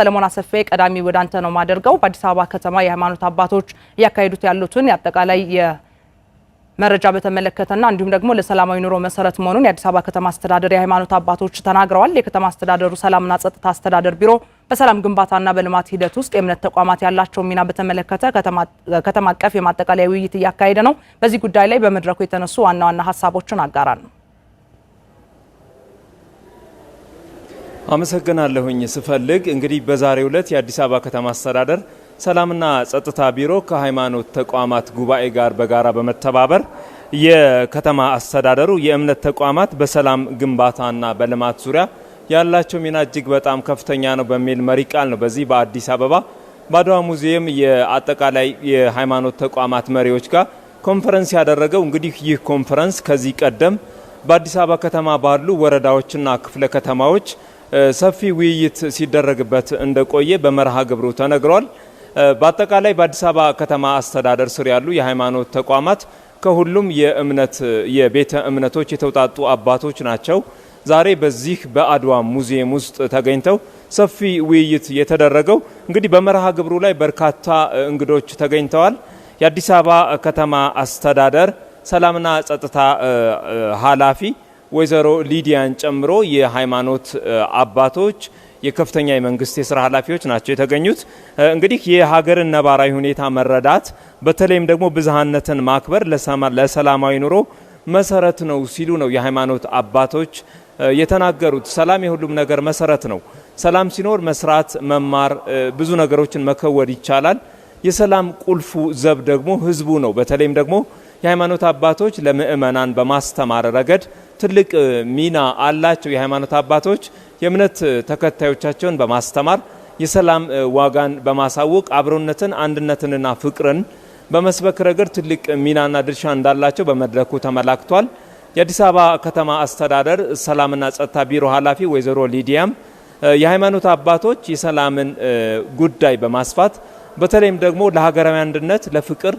ሰለሞን አሰፌ፣ ቀዳሚ ወደ አንተ ነው ማደርገው። በአዲስ አበባ ከተማ የሃይማኖት አባቶች እያካሄዱት ያሉትን የአጠቃላይ መረጃ በተመለከተና እንዲሁም ደግሞ ለሰላማዊ ኑሮ መሰረት መሆኑን የአዲስ አበባ ከተማ አስተዳደር የሃይማኖት አባቶች ተናግረዋል። የከተማ አስተዳደሩ ሰላምና ጸጥታ አስተዳደር ቢሮ በሰላም ግንባታና በልማት ሂደት ውስጥ የእምነት ተቋማት ያላቸው ሚና በተመለከተ ከተማ አቀፍ የማጠቃለያ ውይይት እያካሄደ ነው። በዚህ ጉዳይ ላይ በመድረኩ የተነሱ ዋና ዋና ሀሳቦችን አጋራ ነው። አመሰግናለሁኝ ስፈልግ እንግዲህ በዛሬ ዕለት የአዲስ አበባ ከተማ አስተዳደር ሰላምና ጸጥታ ቢሮ ከሃይማኖት ተቋማት ጉባኤ ጋር በጋራ በመተባበር የከተማ አስተዳደሩ የእምነት ተቋማት በሰላም ግንባታና በልማት ዙሪያ ያላቸው ሚና እጅግ በጣም ከፍተኛ ነው በሚል መሪ ቃል ነው በዚህ በአዲስ አበባ በአድዋ ሙዚየም የአጠቃላይ የሃይማኖት ተቋማት መሪዎች ጋር ኮንፈረንስ ያደረገው። እንግዲህ ይህ ኮንፈረንስ ከዚህ ቀደም በአዲስ አበባ ከተማ ባሉ ወረዳዎችና ክፍለ ከተማዎች ሰፊ ውይይት ሲደረግበት እንደቆየ በመርሃ ግብሩ ተነግሯል። በአጠቃላይ በአዲስ አበባ ከተማ አስተዳደር ስር ያሉ የሃይማኖት ተቋማት ከሁሉም የእምነት የቤተ እምነቶች የተውጣጡ አባቶች ናቸው ዛሬ በዚህ በአድዋ ሙዚየም ውስጥ ተገኝተው ሰፊ ውይይት የተደረገው። እንግዲህ በመርሃ ግብሩ ላይ በርካታ እንግዶች ተገኝተዋል። የአዲስ አበባ ከተማ አስተዳደር ሰላምና ጸጥታ ኃላፊ ወይዘሮ ሊዲያን ጨምሮ የሃይማኖት አባቶች የከፍተኛ የመንግስት የስራ ኃላፊዎች ናቸው የተገኙት። እንግዲህ የሀገርን ነባራዊ ሁኔታ መረዳት በተለይም ደግሞ ብዝሃነትን ማክበር ለሰላማዊ ኑሮ መሰረት ነው ሲሉ ነው የሃይማኖት አባቶች የተናገሩት። ሰላም የሁሉም ነገር መሰረት ነው። ሰላም ሲኖር መስራት፣ መማር፣ ብዙ ነገሮችን መከወድ ይቻላል። የሰላም ቁልፉ ዘብ ደግሞ ህዝቡ ነው። በተለይም ደግሞ የሃይማኖት አባቶች ለምእመናን በማስተማር ረገድ ትልቅ ሚና አላቸው። የሃይማኖት አባቶች የእምነት ተከታዮቻቸውን በማስተማር የሰላም ዋጋን በማሳወቅ አብሮነትን፣ አንድነትንና ፍቅርን በመስበክ ረገድ ትልቅ ሚናና ድርሻ እንዳላቸው በመድረኩ ተመላክቷል። የአዲስ አበባ ከተማ አስተዳደር ሰላምና ጸጥታ ቢሮ ኃላፊ ወይዘሮ ሊዲያም የሃይማኖት አባቶች የሰላምን ጉዳይ በማስፋት በተለይም ደግሞ ለሀገራዊ አንድነት ለፍቅር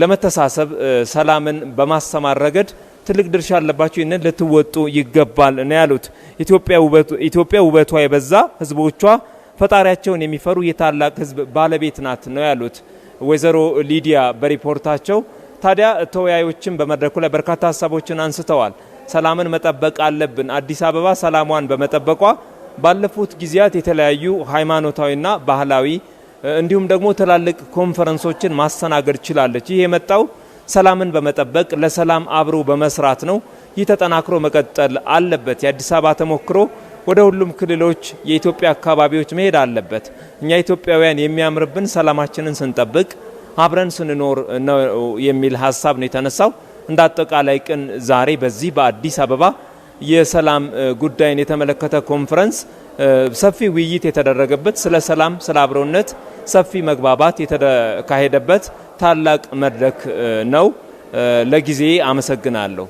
ለመተሳሰብ ሰላምን በማስተማር ረገድ ትልቅ ድርሻ አለባቸው። ይህንን ልትወጡ ይገባል ነው ያሉት። ኢትዮጵያ ውበቷ የበዛ ህዝቦቿ ፈጣሪያቸውን የሚፈሩ የታላቅ ህዝብ ባለቤት ናት ነው ያሉት ወይዘሮ ሊዲያ በሪፖርታቸው። ታዲያ ተወያዮችን በመድረኩ ላይ በርካታ ሀሳቦችን አንስተዋል። ሰላምን መጠበቅ አለብን። አዲስ አበባ ሰላሟን በመጠበቋ ባለፉት ጊዜያት የተለያዩ ሃይማኖታዊና ባህላዊ እንዲሁም ደግሞ ትላልቅ ኮንፈረንሶችን ማስተናገድ ችላለች። ይህ የመጣው ሰላምን በመጠበቅ ለሰላም አብሮ በመስራት ነው። ይህ ተጠናክሮ መቀጠል አለበት። የአዲስ አበባ ተሞክሮ ወደ ሁሉም ክልሎች፣ የኢትዮጵያ አካባቢዎች መሄድ አለበት። እኛ ኢትዮጵያውያን የሚያምርብን ሰላማችንን ስንጠብቅ አብረን ስንኖር ነው የሚል ሀሳብ ነው የተነሳው። እንደ አጠቃላይ ቅን ዛሬ በዚህ በአዲስ አበባ የሰላም ጉዳይን የተመለከተ ኮንፈረንስ ሰፊ ውይይት የተደረገበት ስለ ሰላም፣ ስለ አብሮነት ሰፊ መግባባት የተካሄደበት ታላቅ መድረክ ነው። ለጊዜ አመሰግናለሁ።